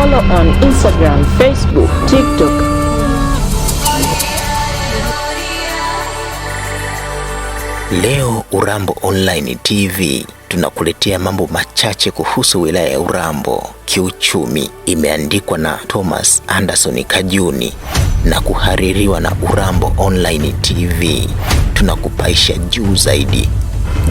follow on Instagram, Facebook, TikTok. Leo Urambo Online TV tunakuletea mambo machache kuhusu wilaya ya Urambo kiuchumi. Imeandikwa na Thomas Anderson Kajuni na kuhaririwa na Urambo Online TV. Tunakupaisha juu zaidi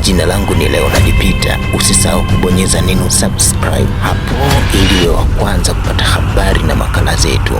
Jina langu ni Leonard Peter. Usisahau kubonyeza neno subscribe hapo ili wa kwanza kupata habari na makala zetu.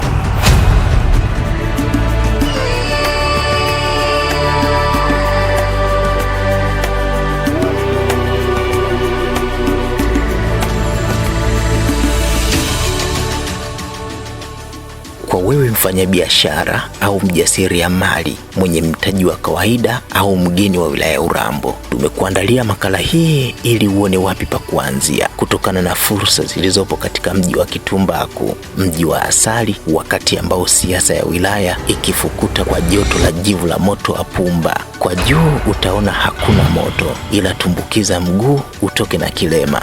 Kwa wewe mfanyabiashara au mjasiriamali mwenye mtaji wa kawaida au mgeni wa wilaya ya Urambo, tumekuandalia makala hii ili uone wapi pa kuanzia kutokana na fursa zilizopo katika mji wa Kitumbaku, mji wa asali, wakati ambao siasa ya wilaya ikifukuta kwa joto la jivu la moto wa pumba. Kwa juu utaona hakuna moto, ila tumbukiza mguu utoke na kilema.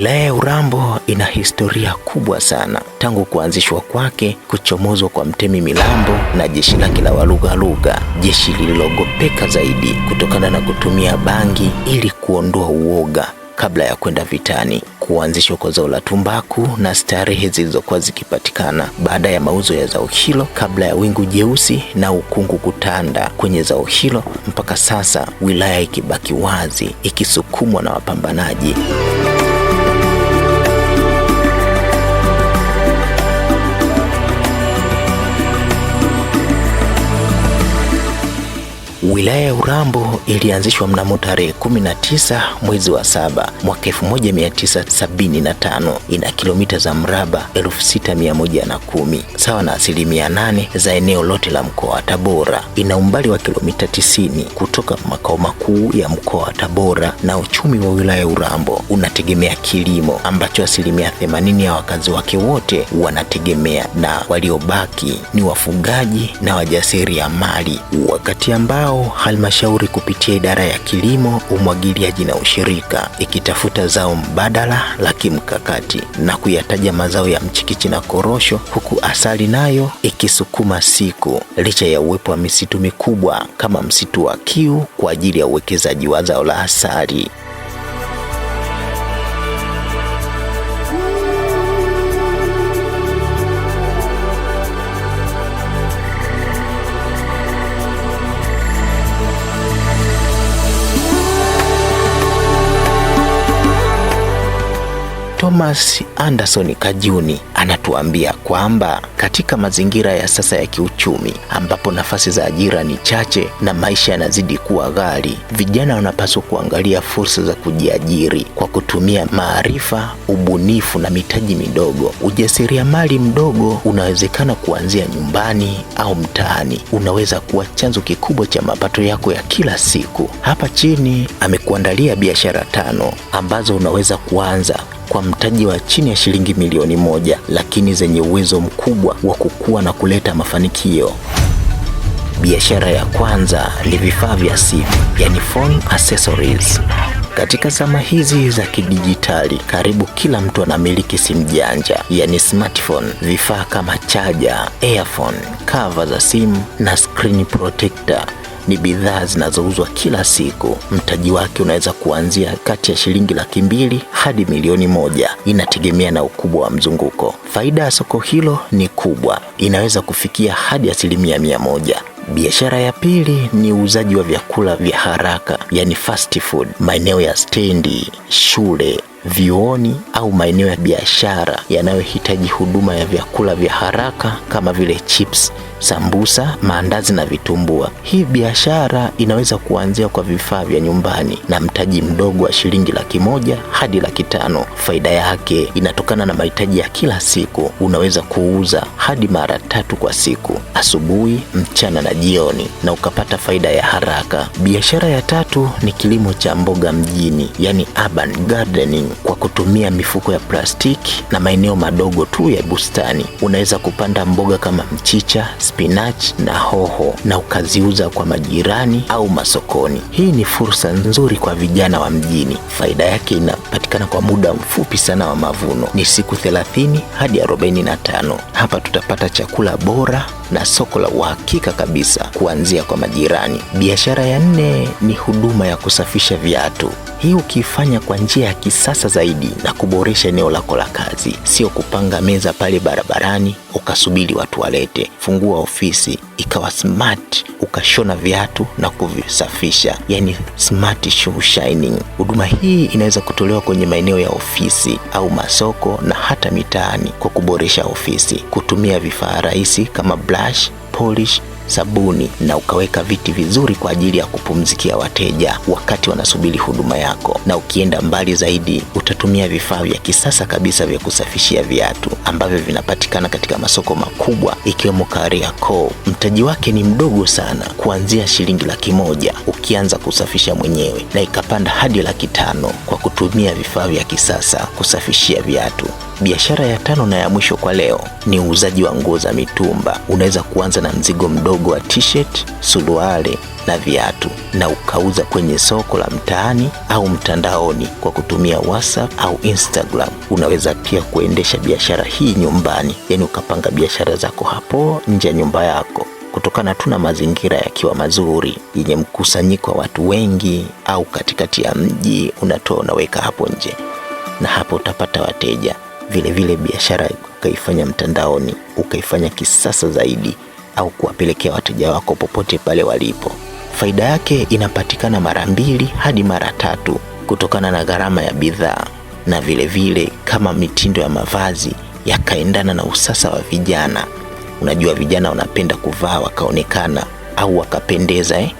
Wilaya ya Urambo ina historia kubwa sana tangu kuanzishwa kwake, kuchomozwa kwa Mtemi Milambo na jeshi lake la Walugaluga, jeshi lililogopeka zaidi kutokana na kutumia bangi ili kuondoa uoga kabla ya kwenda vitani, kuanzishwa kwa zao la tumbaku na starehe zilizokuwa zikipatikana baada ya mauzo ya zao hilo, kabla ya wingu jeusi na ukungu kutanda kwenye zao hilo, mpaka sasa wilaya ikibaki wazi ikisukumwa na wapambanaji. Wilaya ya Urambo ilianzishwa mnamo tarehe 19 mwezi wa saba mwaka 1975. Ina kilomita za mraba 6110 sawa na asilimia 8 za eneo lote la mkoa wa Tabora. Ina umbali wa kilomita 90 kutoka makao makuu ya mkoa wa Tabora, na uchumi wa wilaya ya Urambo unategemea kilimo ambacho asilimia 80 ya wakazi wake wote wanategemea, na waliobaki ni wafugaji na wajasiriamali, wakati ambao Wadau halmashauri kupitia idara ya kilimo, umwagiliaji na ushirika ikitafuta zao mbadala la kimkakati na kuyataja mazao ya mchikichi na korosho, huku asali nayo ikisukuma siku licha ya uwepo wa misitu mikubwa kama msitu wa Kiu kwa ajili ya uwekezaji wa zao la asali. Thomas Anderson Kajuni anatuambia kwamba katika mazingira ya sasa ya kiuchumi ambapo nafasi za ajira ni chache na maisha yanazidi kuwa ghali, vijana wanapaswa kuangalia fursa za kujiajiri kwa kutumia maarifa, ubunifu na mitaji midogo. Ujasiriamali mdogo unawezekana kuanzia nyumbani au mtaani, unaweza kuwa chanzo kikubwa cha mapato yako ya kila siku. Hapa chini amekuandalia biashara tano ambazo unaweza kuanza kwa mtaji wa chini ya shilingi milioni moja, lakini zenye uwezo mkubwa wa kukua na kuleta mafanikio. Biashara ya kwanza ni vifaa vya simu, yani phone accessories. Katika zama hizi za kidijitali, karibu kila mtu anamiliki simu janja, yani smartphone. Vifaa kama chaja, earphone, cover za simu na screen protector ni bidhaa zinazouzwa kila siku. Mtaji wake unaweza kuanzia kati ya shilingi laki mbili hadi milioni moja, inategemea na ukubwa wa mzunguko. Faida ya soko hilo ni kubwa, inaweza kufikia hadi asilimia mia moja. Biashara ya pili ni uuzaji wa vyakula vya haraka, yani fast food, maeneo ya stendi, shule vioni au maeneo ya biashara yanayohitaji huduma ya vyakula vya haraka kama vile chips, sambusa, maandazi na vitumbua. Hii biashara inaweza kuanzia kwa vifaa vya nyumbani na mtaji mdogo wa shilingi laki moja hadi laki tano. Faida yake inatokana na mahitaji ya kila siku. Unaweza kuuza hadi mara tatu kwa siku, asubuhi, mchana na jioni, na ukapata faida ya haraka. Biashara ya tatu ni kilimo cha mboga mjini, yani urban gardening. кот. kutumia mifuko ya plastiki na maeneo madogo tu ya bustani. Unaweza kupanda mboga kama mchicha, spinach na hoho na ukaziuza kwa majirani au masokoni. Hii ni fursa nzuri kwa vijana wa mjini. Faida yake inapatikana kwa muda mfupi sana wa mavuno, ni siku 30 hadi 45. Hapa tutapata chakula bora na soko la uhakika kabisa kuanzia kwa majirani. Biashara ya nne ni huduma ya kusafisha viatu. Hii ukiifanya kwa njia ya kisasa zaidi zaidi na kuboresha eneo lako la kazi, sio kupanga meza pale barabarani ukasubiri watu walete. Fungua ofisi ikawa smart, ukashona viatu na kuvisafisha, yani smart shoe shining. Huduma hii inaweza kutolewa kwenye maeneo ya ofisi au masoko na hata mitaani. Kwa kuboresha ofisi, kutumia vifaa rahisi kama brush, polish sabuni na ukaweka viti vizuri kwa ajili ya kupumzikia wateja wakati wanasubiri huduma yako. Na ukienda mbali zaidi, utatumia vifaa vya kisasa kabisa vya kusafishia viatu ambavyo vinapatikana katika masoko makubwa ikiwemo Kariakoo. Mtaji wake ni mdogo sana, kuanzia shilingi laki moja ukianza kusafisha mwenyewe na ikapanda hadi laki tano kwa kutumia vifaa vya kisasa kusafishia viatu. Biashara ya tano na ya mwisho kwa leo ni uuzaji wa nguo za mitumba. Unaweza kuanza na mzigo mdogo mdogo wa t-shirt, suruali na viatu na ukauza kwenye soko la mtaani au mtandaoni kwa kutumia WhatsApp au Instagram. Unaweza pia kuendesha biashara hii nyumbani, yaani ukapanga biashara zako hapo nje ya nyumba yako kutokana tu na mazingira yakiwa mazuri yenye mkusanyiko wa watu wengi, au katikati ya mji unatoa unaweka hapo nje, na hapo utapata wateja. Vilevile biashara ukaifanya mtandaoni, ukaifanya kisasa zaidi au kuwapelekea wateja wako popote pale walipo. Faida yake inapatikana mara mbili hadi mara tatu kutokana na gharama ya bidhaa, na vilevile vile, kama mitindo ya mavazi yakaendana na usasa wa vijana. Unajua vijana wanapenda kuvaa wakaonekana au wakapendeza eh?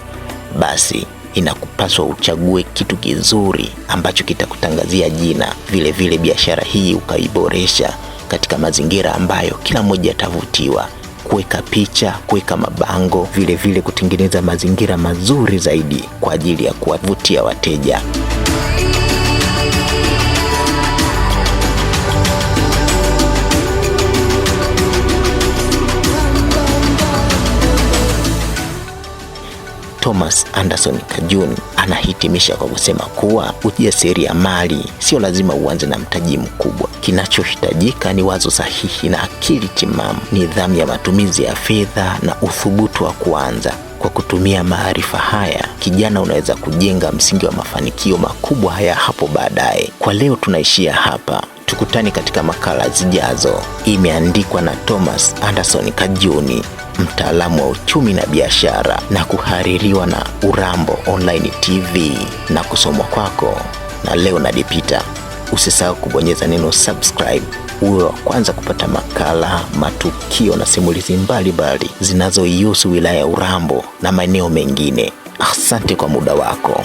Basi inakupaswa uchague kitu kizuri ambacho kitakutangazia jina, vilevile biashara hii ukaiboresha katika mazingira ambayo kila mmoja atavutiwa kuweka picha, kuweka mabango, vilevile vile kutengeneza mazingira mazuri zaidi kwa ajili ya kuwavutia wateja. Thomas Anderson Kajun anahitimisha kwa kusema kuwa ujasiriamali sio lazima uanze na mtaji mkubwa. Kinachohitajika ni wazo sahihi na akili timamu, nidhamu ya matumizi ya fedha na uthubutu wa kuanza. Kwa kutumia maarifa haya, kijana unaweza kujenga msingi wa mafanikio makubwa ya hapo baadaye. Kwa leo tunaishia hapa. Tukutane katika makala zijazo. Imeandikwa na Thomas Anderson Kajuni mtaalamu wa uchumi na biashara, na kuhaririwa na Urambo Online TV na kusomwa kwako na Leonard Peter. Usisahau kubonyeza neno subscribe uwe wa kwanza kupata makala, matukio na simulizi mbalimbali zinazoihusu wilaya ya Urambo na maeneo mengine. Asante kwa muda wako.